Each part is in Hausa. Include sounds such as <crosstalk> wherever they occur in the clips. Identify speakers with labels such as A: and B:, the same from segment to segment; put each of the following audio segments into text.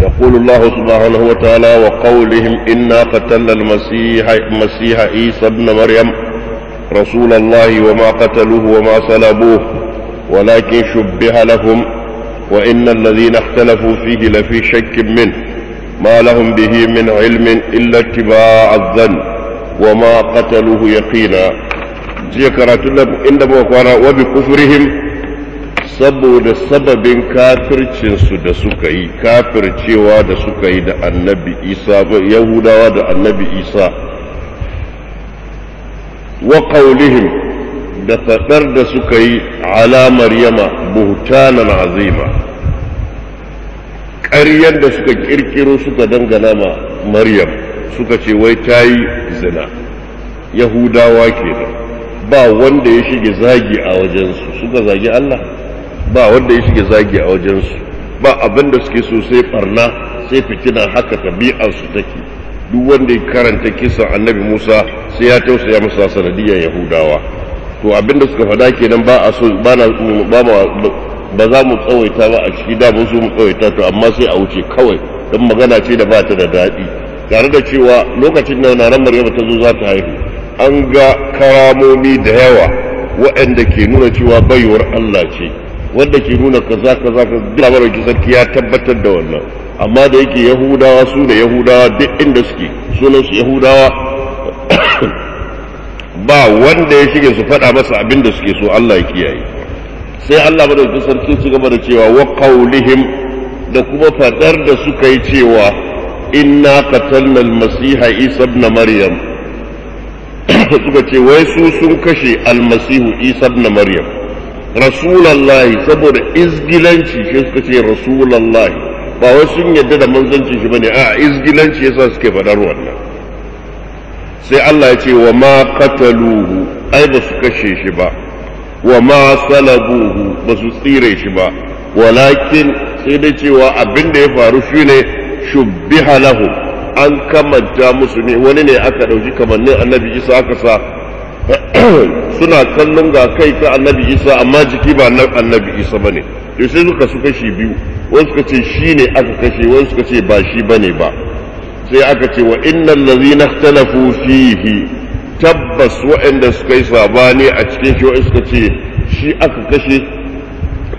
A: يقول الله سبحانه وتعالى وقولهم إنا قتلنا المسيح مسيح عيسى ابن مريم رسول الله وما قتلوه وما صلبوه ولكن شبه لهم وإن الذين اختلفوا فيه لفي شك منه ما لهم به من علم إلا اتباع الظن وما قتلوه يقينا ذكرت لهم إنما وبكفرهم saboda sababin kafircinsu da suka yi kafircewa da suka yi da annabi isa yahudawa da annabi isa wa qaulihim da faɗar da suka yi ala maryama buhtanan azima ƙaryar da suka ƙirƙiro suka dangana ma maryam suka ce wai ta yi zina yahudawa kenan ba wanda ya shige zagi a wajensu suka zagi allah ba wanda ya shige zagi a wajensu ba abin da suke so sai barna sai fitina haka su take duk wanda ya karanta kisan annabi musa sai ya tausaya masa sanadiyar yahudawa to abin da suka faɗa kenan ba a so ba na ba ba za mu tsawaita ba a ciki da mun so mu tsawaita to amma sai a wuce kawai don magana ce da ba ta da daɗi tare da cewa lokacin da nanar maryama ta zo za ta haihu an ga karamomi da yawa waɗanda ke nuna cewa baiwar allah ce wanda ke nuna kaza kaza ka labarin sarki ya tabbatar da wannan amma da yake yahudawa su da yahudawa duk inda suke sunan su yahudawa <coughs> ba wanda ya shige su faɗa masa abin da suke so Allah ya kiyaye sai Allah madaukakin sarki ci gaba da cewa wa qaulihim da kuma fadar da suka yi cewa inna qatalna al-masiha isa ibn maryam <coughs> suka ce wai su sun kashe almasihu isa ibn maryam rasulallahi saboda izgilanci shi suka ce rasulallahi ba wai sun yadda da manzanci shi bane a izgilanci yasa suke faɗar wannan sai Allah ya ce wa ma kataluhu ai ba su kashe shi ba wa ma salabuhu ba su tsire shi ba walakin sai dai cewa abin da ya faru shine shubbiha lahu an kamanta musu ne wani ne aka ɗauki kamannin annabi isa aka sa <coughs> suna kallon ga kai ta annabi isa amma jiki ba annabi isa bane to sai suka su kashi biyu wasu suka ce shi ne aka kashe wasu suka ce ba shi bane ba sai aka ce wa innal ladzina ikhtalafu fihi tabbas waɗanda suka yi sabani a cikin shi wani suka ce shi aka kashe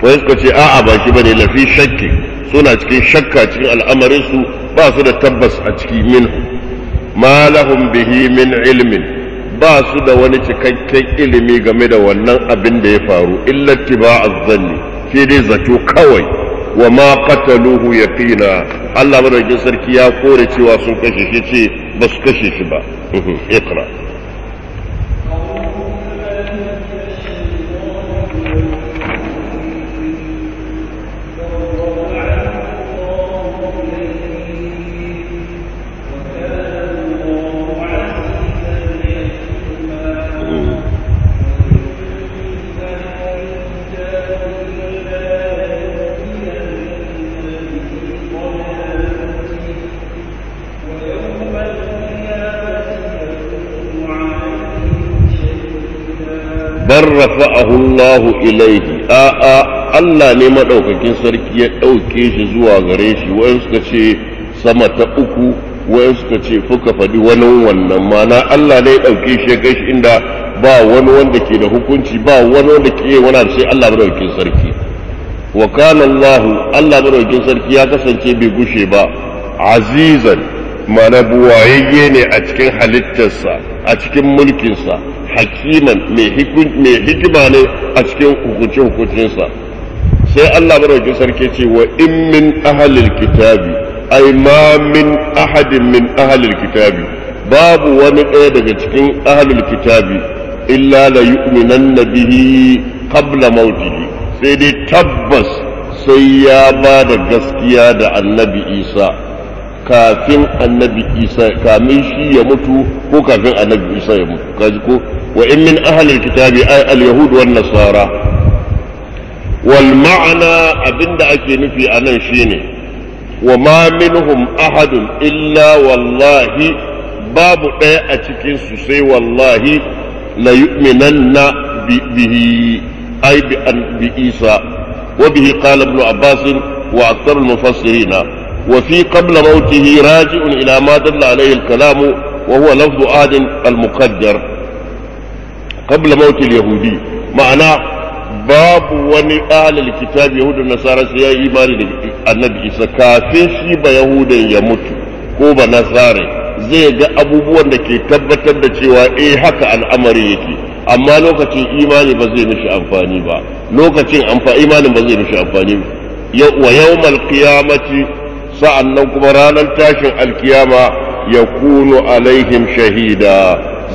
A: wani suka ce a'a ba shi bane lafi shakki suna cikin shakka cikin al'amarin su ba su da tabbas a ciki min ma lahum bihi min ilmin ba su da wani cikakken ilimi game da wannan abin da ya faru illa tiba azzanni sai dai zato kawai wa ma qataluhu yaqina Allah madaukakin sarki ya kore cewa sun kashe shi ce ba su kashe shi ba uhuh, رفعه الله ilaihi a'a Allah ne madaukakin sarki ya dauke shi zuwa gare shi wayan suka ce sama ta uku wayan suka ce fuka fadi wani wannan mana Allah ne ya dauke shi ya kai shi inda ba wani wanda ke da hukunci ba wani wanda ke wani sai Allah madaukakin sarki wa kana Allah Allah madaukakin sarki ya kasance bai gushe ba azizan mana buwayayye ne a cikin halittarsa a cikin mulkinsa hakiman mai hikima ne a cikin hukunce-hukuncinsa sai Allah madaukakin sarki ce wa in min ahalil kitabi ai ma min ahadin min ahalil kitabi babu wani ɗaya daga cikin ahalil kitabi illa la na bihi qabla mautihi sai dai tabbas sai ya ba da gaskiya da annabi Isa kafin annabi isa kamin shi ya mutu ko kafin annabi isa ya mutu kaji ko wa in min ahlil kitabi ay al yahud wan nasara wal ma'ana abinda ake nufi anan shine wa ma minhum ahad illa wallahi babu daya a cikin su sai wallahi la yu'minanna bihi ay bi isa wa bihi qala ibn abbas wa aktharul mufassirina وفي قبل موته راجع إلى ما دل عليه الكلام وهو لفظ آد المقدر قبل موت اليهودي معنى باب وني أهل الكتاب يهود النصارى سياء إيمان النبي إسا كافيش يهود يموت كوبا نصارى زي أبو بوان لكي تبتا بتوا إيه حكا عن أمريكي أما لوكا تي إيمان بزين مش أنفاني با لوكا تي إيمان بزي مش أنفاني ويوم القيامة sa'annan kuma ranar tashin alkiyama ya kuno alaihim shahida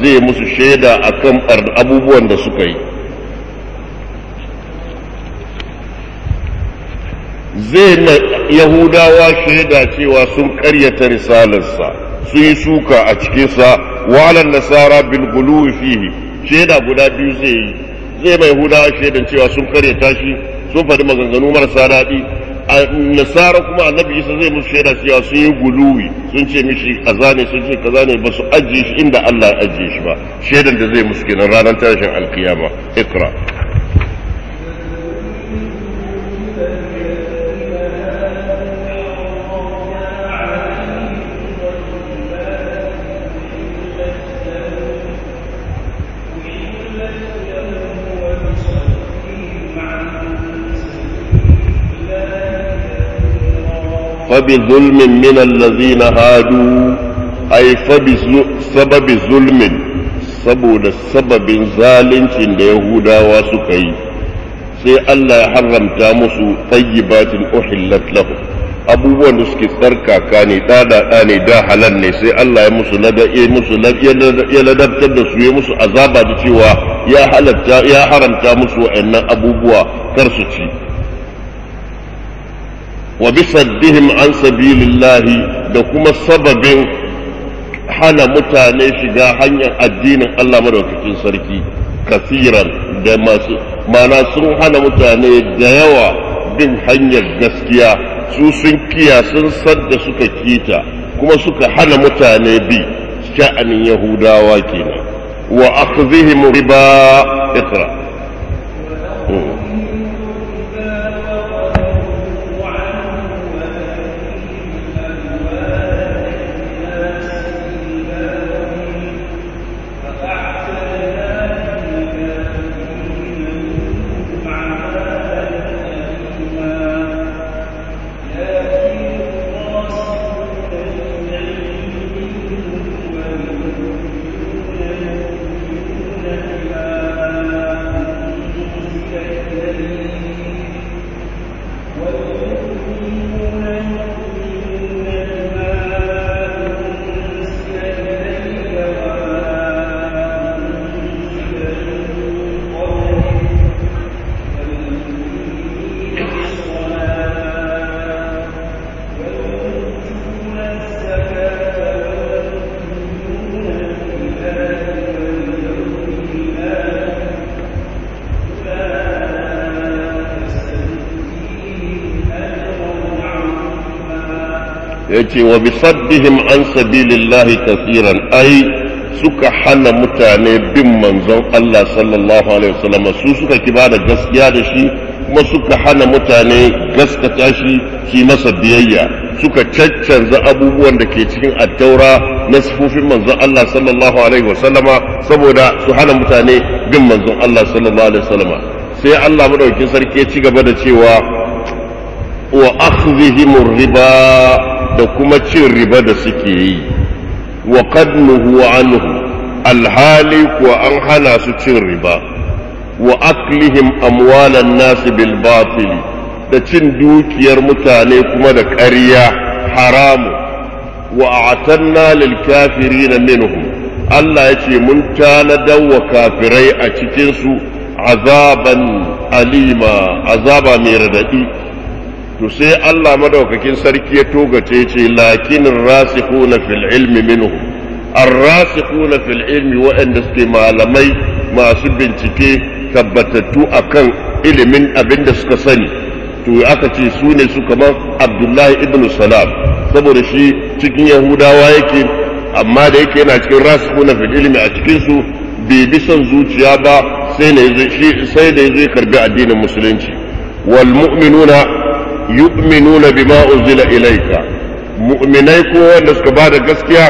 A: zai musu shaida a kan abubuwan da suka yi zai na yahudawa shaida cewa sun karyata risalarsa sun yi suka a cikinsa wahalar nasara bil guluwi fihi shaida guda biyu zai yi zai mai yahudawa shaidan cewa sun karyata shi sun faɗi maganganu marasa daɗi nasara kuma annabi isa zai musu shaida cewa sun yi guluwi sun ce mishi kaza ne sun ce kaza ne ba su ajiye shi inda Allah ya ajiye shi ba shaidan da zai musu kenan ranar tashin alkiyama ikra فبظلم من الذين هادوا أي فبسبب ظلم saboda sababin zaluncin da Yahudawa suka yi sai Allah ya haramta musu tayyibatin uhillat lahum abubuwan da suke tsarkaka ne tsada ne da halal ne sai Allah ya musu ya musu ya ladabtar da su ya musu azaba da cewa ya halatta ya haramta musu wa'annan abubuwa kar su ci wa bi saddihim an sabilillahi da kuma sababin hana mutane shiga hanyar addinin Allah madaukakin sarki kasiran da masu mana sun hana mutane da yawa bin hanyar gaskiya su sun kiya sun sadda suka kita kuma suka hana mutane bi sha'anin yahudawa kenan wa akhdhihim riba ikra hmm. Thank you. ce wa bisaddihim an sabilillahi kasiran ai suka hana mutane bin manzon Allah sallallahu alaihi wasallam su suka kiba da gaskiya da shi kuma suka hana mutane gaskata shi shi masa biyayya suka caccanza abubuwan da ke cikin attaura na sufufin manzon Allah sallallahu alaihi wasallama saboda su hana mutane bin manzon Allah sallallahu alaihi wasallama sai Allah madaukin sarki ya ci gaba da cewa wa akhdhihim riba da kuma cin riba da suke yi wa qad nuhu anhu alhali kuwa an hana su cin riba wa aklihim amwalan nasi bil batili da cin dukiyar mutane kuma da ƙarya haramu wa a'tanna lil kafirin minhum Allah yace ce mun tanadar wa kafirai a cikin su azaban alima azaba mai radadi to sai Allah madaukakin sarki ya togace ce lakin rasikhuna fil ilmi minhu ar-rasikhuna fil ilmi waɗanda suke malamai masu bincike tabbatattu akan ilimin abinda suka sani to aka ce su ne su kamar Abdullahi ibn Salam saboda shi cikin Yahudawa yake amma da yake yana cikin rasikhuna fil ilmi a cikin su bai bi son zuciya ba sai da ya zai karbi addinin musulunci wal mu'minuna yu'minuna bima unzila ilayka mu'minai ko wanda suka bada gaskiya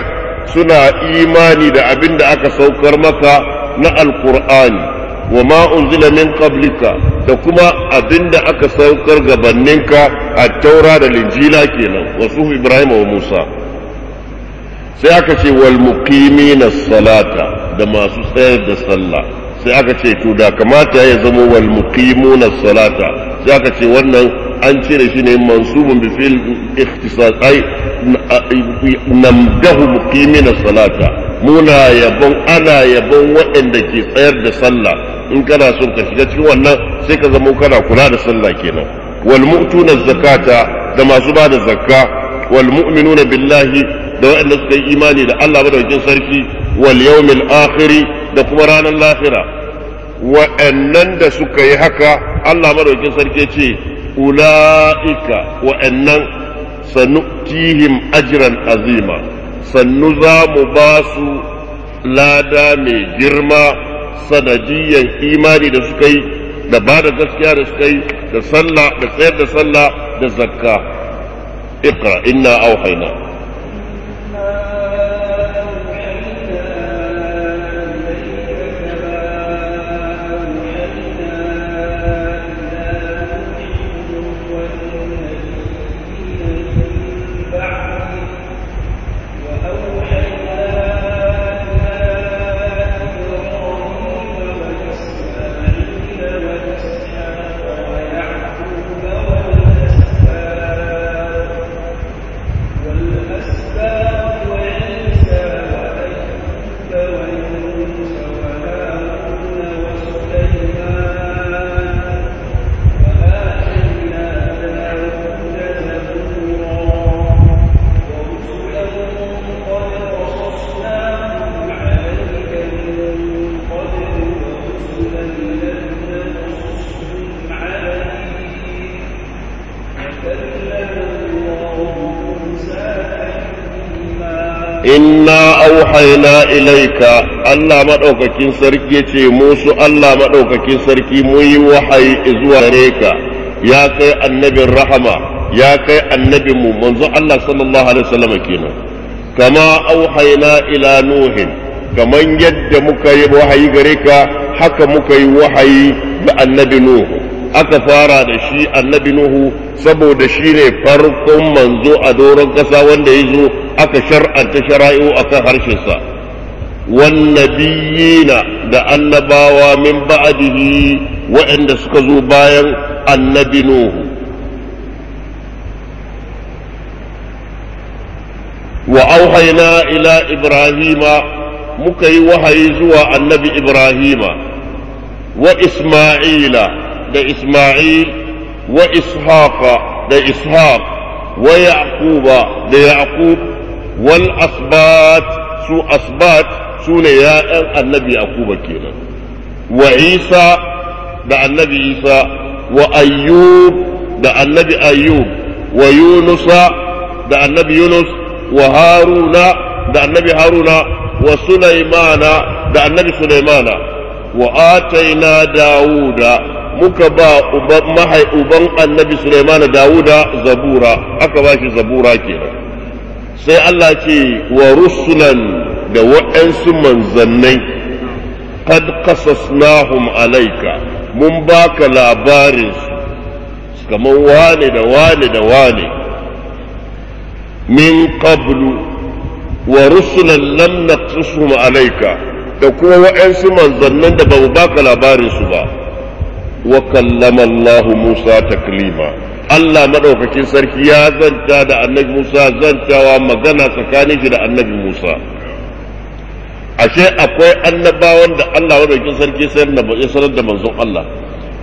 A: suna imani da abin da aka saukar maka na alqur'ani wa ma unzila min qablika da kuma abin da aka saukar gabanninka a taura da linjila kenan wasu ibrahim wa musa sai aka ce wal muqimina salata da masu tsayar da sallah sai aka ce to da kamata ya zama wal muqimuna salata sai aka ce wannan an cire shi ne mansubun bi fil ai namdahu muqimin salata muna yabon ana yabon waɗanda ke tsayar da sallah in kana son ka shiga cikin wannan sai ka zama kana kula da sallah kenan wal mu'tuna zakata da masu ba da zakka wal mu'minuna billahi da waɗanda suka yi imani da Allah madaukakin sarki wal yawmil akhiri da kuma ranar lahira wa'annan da suka yi haka Allah madaukakin sarki ce ula'ika wa'annan sanutihim ajran azima sannu za mu ba su lada mai girma sanadiyan imani da suka yi da ba da gaskiya da suka yi da sallah da tsayar da sallah da zakka iqra inna auhaina ilaika Allah maɗaukakin sarki ya ce musu Allah maɗaukakin sarki mu yi wahayi zuwa gare ya kai annabin rahama ya kai annabin mu manzo Allah sallallahu alaihi wasallam kenan kama auhayna ila nuhin kaman yadda muka yi wahayi gare ka haka muka yi wahayi ga annabi nuhu aka fara da shi annabi nuhu saboda shi ne farkon manzo a doron ƙasa wanda ya zo aka shar'anta shara'i'u akan harshensa والنبيين ده باوا من بعده وإن سكزوا باين النبي نوح وأوحينا إلى إبراهيم مكي وحي النبي إبراهيم وإسماعيل ده إسماعيل وإسحاق ده إسحاق ويعقوب ده يعقوب والأسبات سو أسبات sune ya'yan annabi yaquba kenan wa isa da annabi isa wa ayyub da annabi ayyub wa yunusa da annabi yunus wa haruna da annabi haruna wa sulaimana da annabi sulaimana wa ataina dawuda muka ba uban mahai uban annabi sulaimana dawuda zabura aka ba shi zabura kenan sai Allah ce wa rusulan ga waɗansu manzannai qad qasasnahum alaika mun baka su, kamar wane da wane da wane min qablu wa rusulan lam naqsusuhum alaika da kuma waɗansu manzannan da ba mu baka labarinsu ba wa kallama Allah Musa taklima Allah maɗaukakin sarki ya zanta da annabi Musa zantawa magana tsakanin shi da annabi Musa. ashe akwai annabawan da Allah madaukin sarki ya sanar da manzon Allah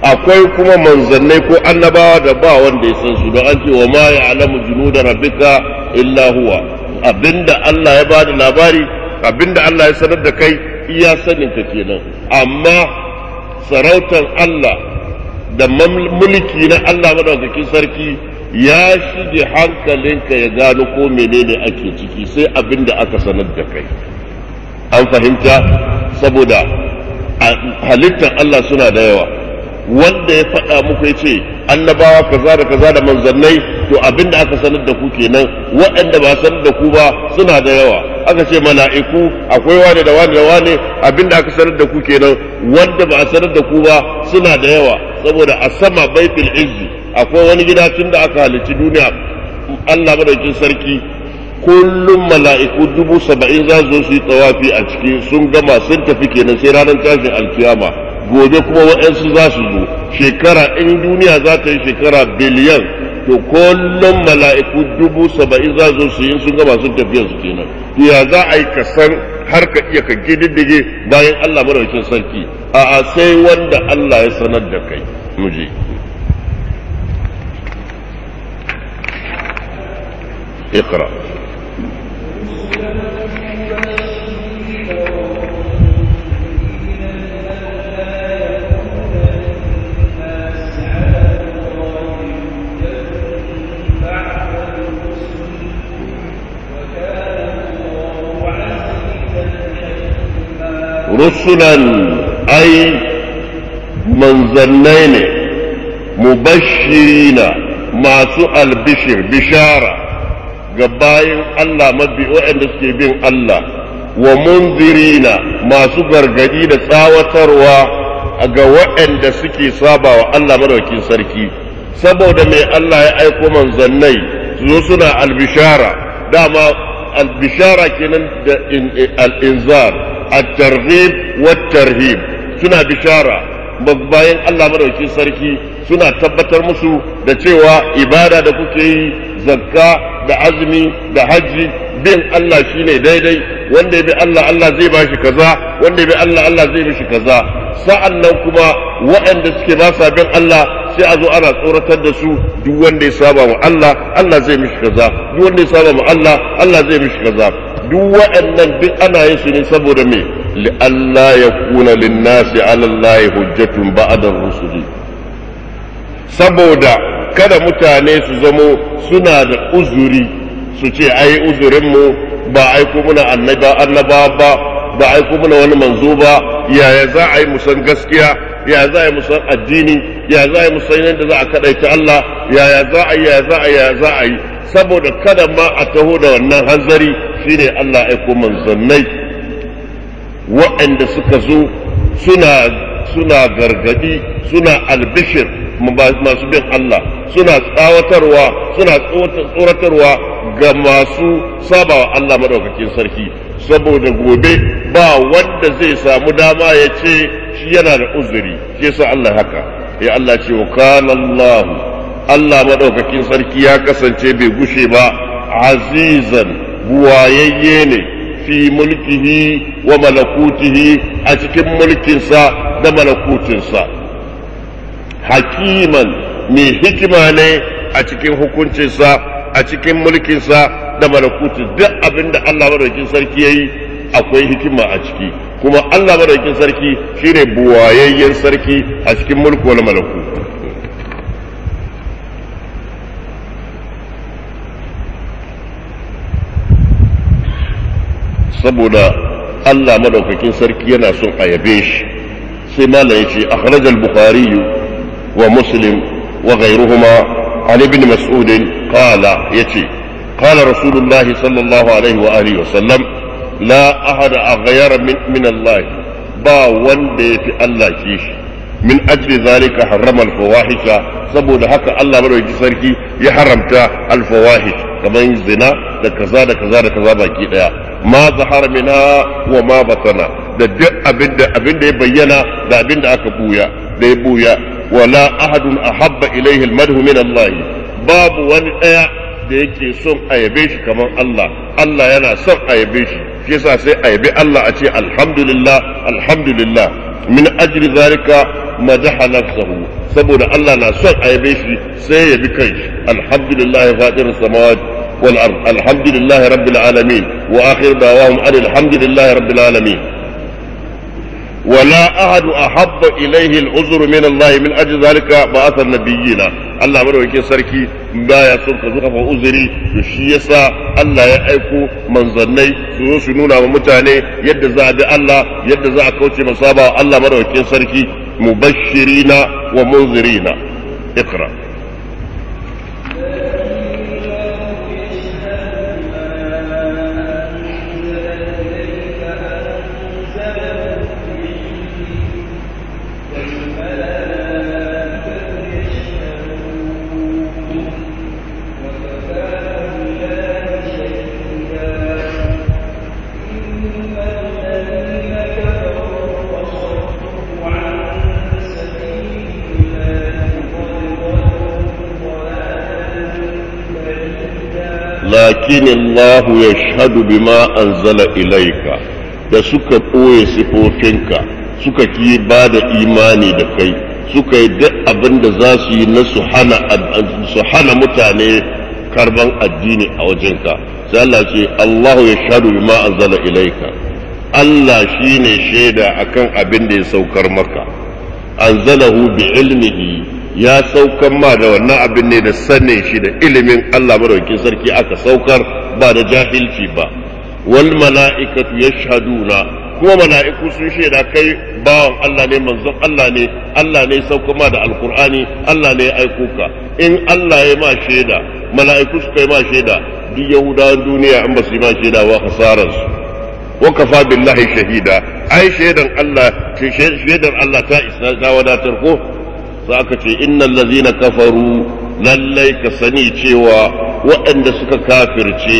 A: akwai kuma manzannai ko annabawa da ba wanda ya san su don an ce wa ma ya'lamu junuda rabbika illa huwa abinda Allah ya bada labari abinda Allah ya sanar da kai iya sanin ka kenan amma sarautar Allah da mulki na Allah madaukakin sarki ya shige hankalinka ya gano ko menene ake ciki sai abinda aka sanar da kai an fahimta saboda halittar Allah suna da yawa wanda ya faɗa muku ya ce annabawa kaza da kaza da manzannai to abinda aka sanar da ku kenan waɗanda ba sanar da ku ba suna da yawa aka ce mala'iku akwai wane da wane da wane abinda aka sanar da ku kenan wanda ba sanar da ku ba suna da yawa saboda a sama baitul izzi akwai wani gida tun da aka halicci duniya Allah madaukin sarki kullum mala'iku dubu saba'in za su yi tsawafi a ciki sun gama sun tafi kenan sai ranar tashin alkiyama gobe kuma waɗansu za su zo shekara in duniya za ta yi shekara biliyan to kullum mala'iku dubu saba'in za su yi sun gama sun tafi yanzu kenan to ya za a yi kasan har ka iya ka gididdige bayan Allah madaukakin sarki a'a sai wanda Allah ya sanar da kai muje اقرأ رسلا أي منزلين مبشرين مع سؤال بشر بشارة ga bayin Allah mabi waɗanda suke bin Allah wa munzirina masu gargadi da tsawatarwa ga waɗanda suke saba wa Allah madaukin sarki saboda mai Allah ya aiko manzannai su zo suna albishara dama albishara kenan da al'inzar at-targhib wat-tarhib suna bishara bayan Allah madaukin sarki suna tabbatar musu da cewa ibada da kuke yi zakka da azumi da hajji bin Allah shine daidai wanda ya bi Allah Allah zai bashi kaza wanda ya bi Allah Allah zai shi kaza sa'an nan kuma waɗanda suke ba sa bin Allah sai a zo ana tsoratar da su duk wanda ya saba wa Allah Allah zai mishi kaza duk wanda ya saba wa Allah Allah zai mishi kaza duk waɗannan duk ana yin su ne saboda me ya kuna lin-nasi 'ala Allah hujjatun ba'da ar-rusuli saboda kada mutane su zamo suna da uzuri su ce ai uzurinmu ba aiko muna annaba ba ba aiko muna wani manzo ba yaya za a yi musan gaskiya ya za a yi musan addini ya za a yi musan yadda za a kadaita Allah yaya za a yi ya za a yi ya za a yi saboda kada ma a taho da wannan hanzari shine Allah aiko manzannai waɗanda suka zo suna suna gargadi suna albishir masu bin Allah suna tsawatarwa suna tsoratarwa ga masu sabawa Allah madaukakin sarki saboda gobe ba wanda zai samu dama ya ce shi yana da uzuri shi yasa Allah haka ya Allah ce wa kana Allah Allah madaukakin sarki ya kasance bai gushe ba azizan buwayayye ne fi mulkihi wa malakutihi a cikin mulkinsa da malakutinsa hakiman mai hikima ne a cikin hukuncinsa a cikin mulkinsa da malakutu duk abin da Allah madaukakin sarki ya yi akwai hikima a ciki kuma Allah madaukakin sarki shine buwayayyen sarki a cikin mulki wani malakutu saboda Allah madaukakin sarki yana son a yabe shi sai malam ya ce akhrajal bukhari ومسلم وغيرهما عن ابن مسعود قال يتي قال رسول الله صلى الله عليه وآله وسلم لا أحد أغير من, من الله با وان الله كيش من أجل ذلك حرم الفواحش saboda haka Allah madauki sarki ya haramta alfawahish kamar zina da kaza da kaza da kaza baki daya ma zahara mina wa ma batana da duk abinda ya bayyana da abinda aka buya da ya buya wala ahadun ahabba ilaihi almadhu min Allah babu wani ɗaya da yake son ayabe shi kamar Allah Allah yana son ayabe shi shi yasa sai a Allah a ce alhamdulillah alhamdulillah min ajri zalika madaha saboda Allah na son ayabe shi sai ya bi kai alhamdulillah fatirus samawati والأرض الحمد لله رب العالمين وآخر دعواهم أن الحمد لله ولا احد احب اليه العذر من الله من اجل ذلك بعث النبيين الله بره يكي سركي با يا سون كزوفا عذري شي يسا الله يا ايكو منزني سو سو نونا ما متاني الله يد زا كوتي مصابه الله بره يكي مبشرين ومنذرين اقرا لكن الله ya بما bima anzala da suka ɓoye sifofinka suka ki ba da imani da kai suka yi duk abin da za su yi na su hana mutane karban addini a wajenka sai Allah ce Allahu ya shahadu bima anzala ilaika Allah shine shaida akan abin da ya saukar maka anzalahu bi ilmihi ya saukan ma da wannan abin ne da sanne shi da ilimin Allah madaukin sarki aka saukar ba da jahilci ba wal mala'ikatu yashhaduna kuma mala'iku sun shaida kai bawan Allah ne manzon Allah ne Allah ne saukan ma da alkur'ani Allah ne aiko ka in Allah ya ma shaida mala'iku su kai ma shaida duk yahudawan duniya an ba su yi ma shaida wa hasaran su wa kafa billahi shahida ai shaidan Allah shaidan Allah ta isa ta wadatar ko za ka ce innal ladzina kafaru lallai ka sani cewa waɗanda suka kafirce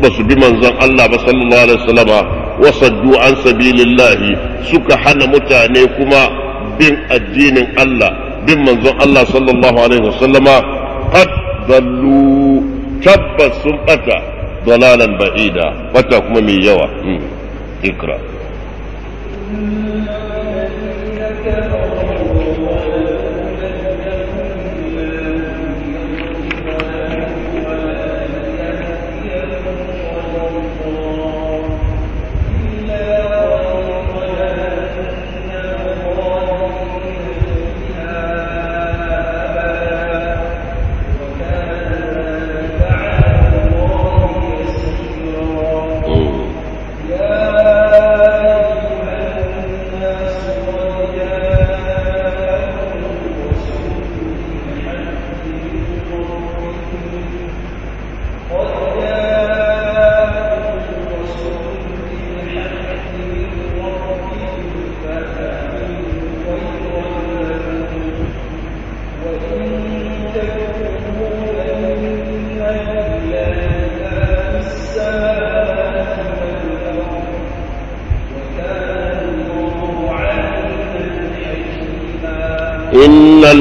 A: ba su bi manzon Allah ba sallallahu alaihi wasallama wa saddu an sabilillahi suka hana mutane kuma bin addinin Allah bin manzon Allah sallallahu alaihi wasallama qad dallu tabbas sun bata dalalan ba'ida bata kuma mai yawa hmm. ikra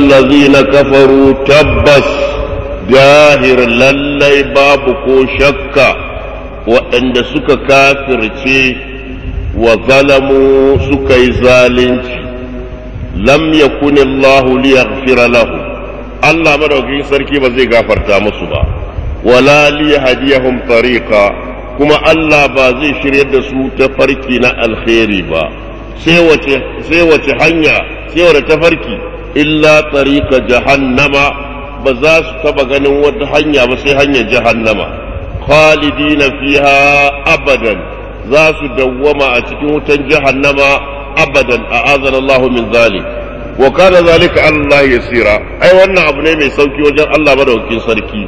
A: الذين كفروا تبس جاهر للي بابكو شكا وأن سك كافر وظلموا سكي ظالمت لم يكن الله ليغفر له الله مدوكي سركي بزي غفر تامسوا ولا ليهديهم طريقا كما الله بازي zai shiryar da su ta farki na alkhairi ba sai wace hanya sai wace illa tariqa jahannama ba za su taba ganin wata hanya ba sai hanyar jahannama khalidina fiha abadan za su dawwama a cikin wutan jahannama abadan a Allah min Zali. wa kana zalika Allah yasira ai wannan abu ne mai sauki wajen Allah madaukakin sarki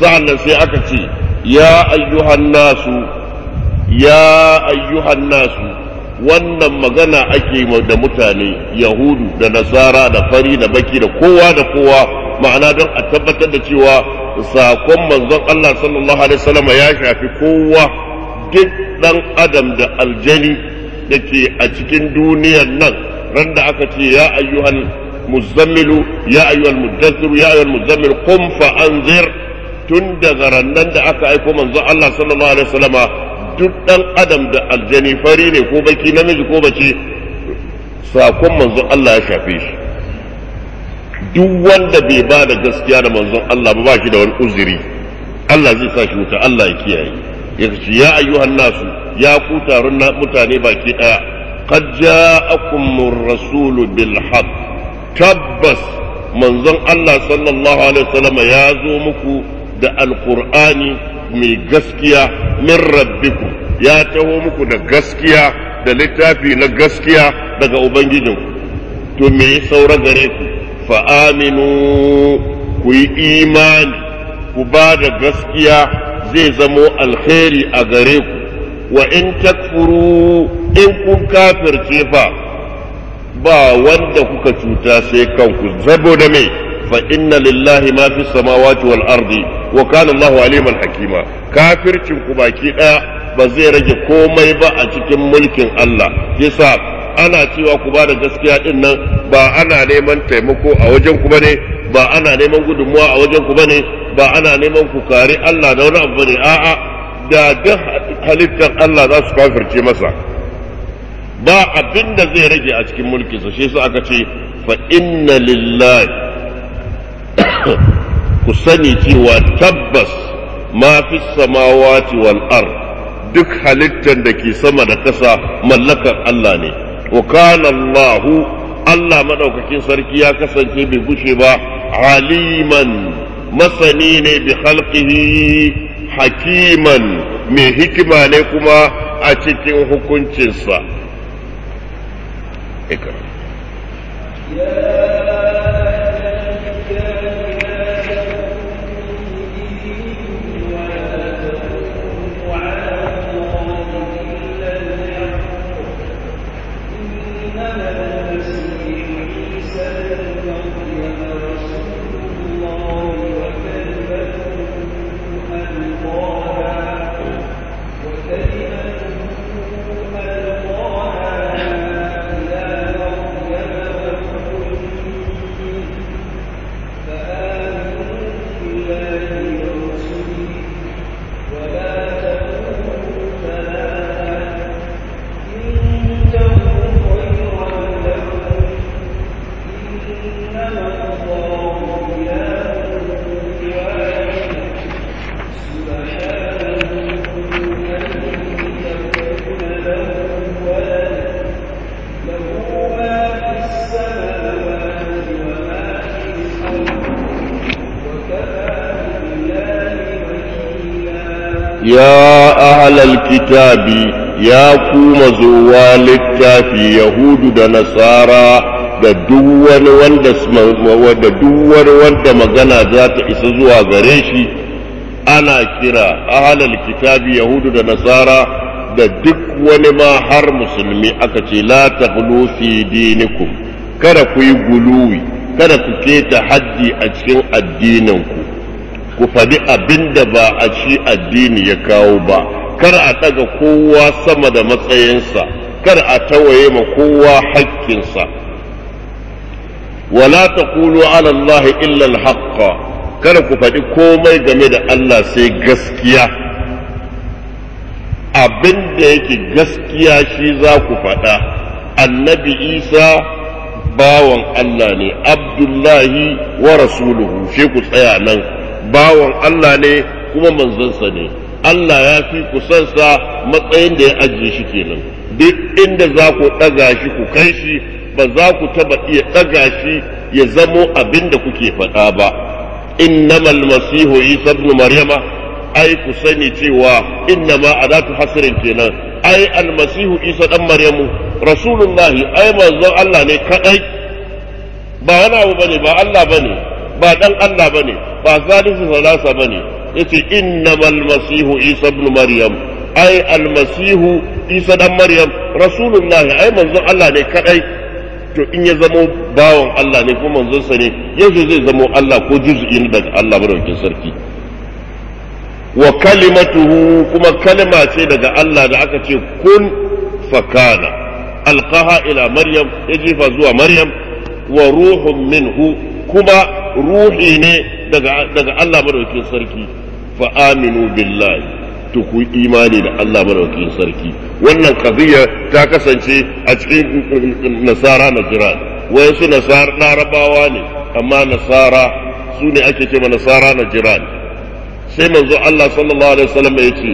A: sa'annan sai aka ce ya ayyuhan nasu ya ayyuhan nasu wannan magana ake da mutane yahudu da nasara da fari da baki da kowa da kowa ma'ana don a tabbatar da cewa sakon manzon Allah sallallahu alaihi wasallam ya shafi kowa duk dan adam da aljani da ke a cikin duniyar nan ran da aka ce ya ayyuhal muzammilu ya ayyuhal muddathiru ya ayyuhal muzammil qum fa anzir tun daga rannan da aka aiko manzon Allah sallallahu alaihi wasallama duk dan adam da aljani fari ne ko baki namiji ko bace sakon manzon Allah ya shafe shi duk wanda bai ba da gaskiya da manzon Allah ba ba shi da wani uzuri Allah zai sa shi wuta Allah ya kiyaye ya ce ya ayyuhan nasu ya ku taron mutane baki daya qad ja'akumur rasul bil haqq tabbas manzon Allah sallallahu alaihi wasallam ya zo muku da alqur'ani mai gaskiya min rabbiku ya taho muku da gaskiya da littafi na gaskiya daga ubangijinku to me saura gare ku fa aminu ku yi imani ku ba da gaskiya zai zamo alheri a gare ku wa in takfuru in kun kafirce fa ba wanda kuka cuta sai kanku saboda mai, fa inna lillahi ma fi samawati wal ardi wa kana Allahu aliman hakima kafircin ku baki daya ba zai rage komai ba a cikin mulkin Allah yasa ana cewa ku ba da gaskiya din nan ba ana neman taimako a wajen ku bane ba ana neman gudunmuwa a wajen ku bane ba ana neman ku kare Allah da wani abu bane a'a da duk halittar Allah za su kafirce masa ba abin da zai rage a cikin mulkinsa shi yasa aka ce fa inna lillahi ku sani cewa tabbas ma fi samawati wal ar duk halittar da ke sama da ƙasa mallakar Allah ne wa kana Allahu Allah madaukakin sarki ya kasance bai gushe ba aliman masani ne bi khalqihi hakiman mai hikima ne kuma a cikin hukuncinsa ikra ya ahlal kitabi ya kuma zuwa littafi yahudu da nasara da duk wani wanda da duk wani wanda magana za ta isa zuwa gare shi ana kira ahlal kitabi yahudu da nasara da duk wani ma har musulmi aka ce la taghlu fi dinikum kada ku yi guluwi kada ku keta haddi a cikin addininku ku faɗi abin da ba a ci addini ya kawo ba kar a ɗaga kowa sama da matsayinsa kar a tawaye ma kowa hakkinsa wala taqulu ala Allah illa al kar ku faɗi komai game da Allah sai gaskiya abin da yake gaskiya shi za ku faɗa annabi Isa bawan Allah ne abdullahi wa rasuluhu shi ku tsaya nan bawan Allah ne kuma manzansa ne Allah ya fi ku sa matsayin da ya ajiye shi kenan duk inda za ku ɗaga shi ku kai shi ba za ku taɓa iya ɗaga shi ya zamo abin da kuke faɗa ba innamal masihu isa ibn maryama ai ku sani cewa innama adatu hasrin kenan ai almasihu isa dan maryamu rasulullahi ai manzon Allah ne kadai ba wani abu bane ba Allah bane ba dan Allah bane ba salisu salasa bane yace innamal masihu isa ibn maryam ai almasihu isa dan maryam rasulullahi ai manzon Allah ne kadai to in ya zamo bawan Allah ne kuma manzon sa ne yanzu zai zamo Allah ko juz'in daga Allah madaukakin sarki wa kalimatuhu kuma kalma ce daga Allah da aka ce kun fakana alqaha ila maryam ya jefa zuwa maryam wa ruhun minhu kuma ruhi ne daga Allah madaukakin sarki fa aminu billahi to ku imani da Allah madaukakin sarki wannan qadiyya ta kasance a cikin eh, nasara na jira wai su nasara larabawa ne amma nasara su ne ake ce nasara na jira sai manzo Allah sallallahu alaihi wasallam ya ce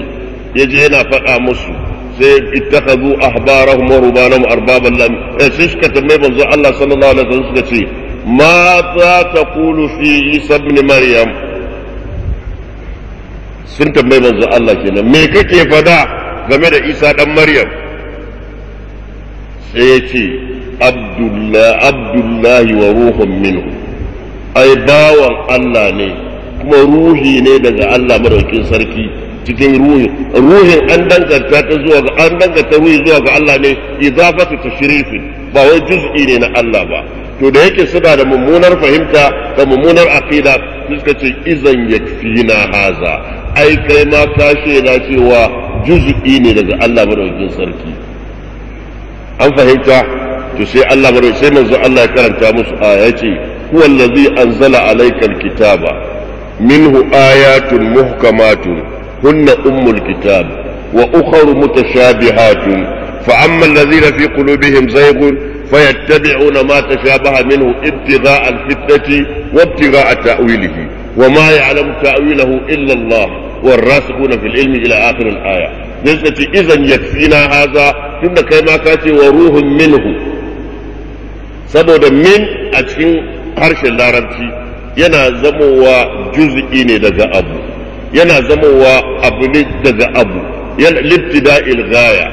A: yaje yana faɗa musu sai ittakhadhu ahbarahum wa rubanahum arbaban lam eh, sai suka tambaye manzo Allah sallallahu alaihi wasallam suka ce ta تقول في عيسى ابن مريم sun tambayi manzo Allah kenan me kake fada game da Isa dan Maryam sai ya ce Abdullah Abdullahi wa ruhun minhu ai bawan Allah ne kuma ruhi ne daga Allah madaukin sarki cikin ruhin ruhin an danganta ta zuwa ga an danganta ruhi zuwa ga Allah ne idafatu tashrifin ba wai juz'i ne na Allah ba to da yake suna da mummunar fahimta da mummunar aqida suka ce izan yakfina haza ai kai ma ka shaida cewa juz'i ne daga Allah madaukakin sarki an fahimta to sai Allah madaukakin sai manzo Allah ya karanta musu aya ce huwa allazi anzala alaykal kitaba minhu ayatun muhkamatun hunna ummul kitab wa ukhra mutashabihatun fa amma allazina fi qulubihim zayghun فيتبعون ما تشابه منه ابتغاء الفتنة وابتغاء تأويله وما يعلم تأويله إلا الله والراسخون في العلم إلى آخر الآية نزلتي إذا يكفينا هذا ثم كما كاتي وروح منه سبب من أتشين حرش الله yana zamowa juz'i ne أبو abu yana zamowa abu أبو daga abu yana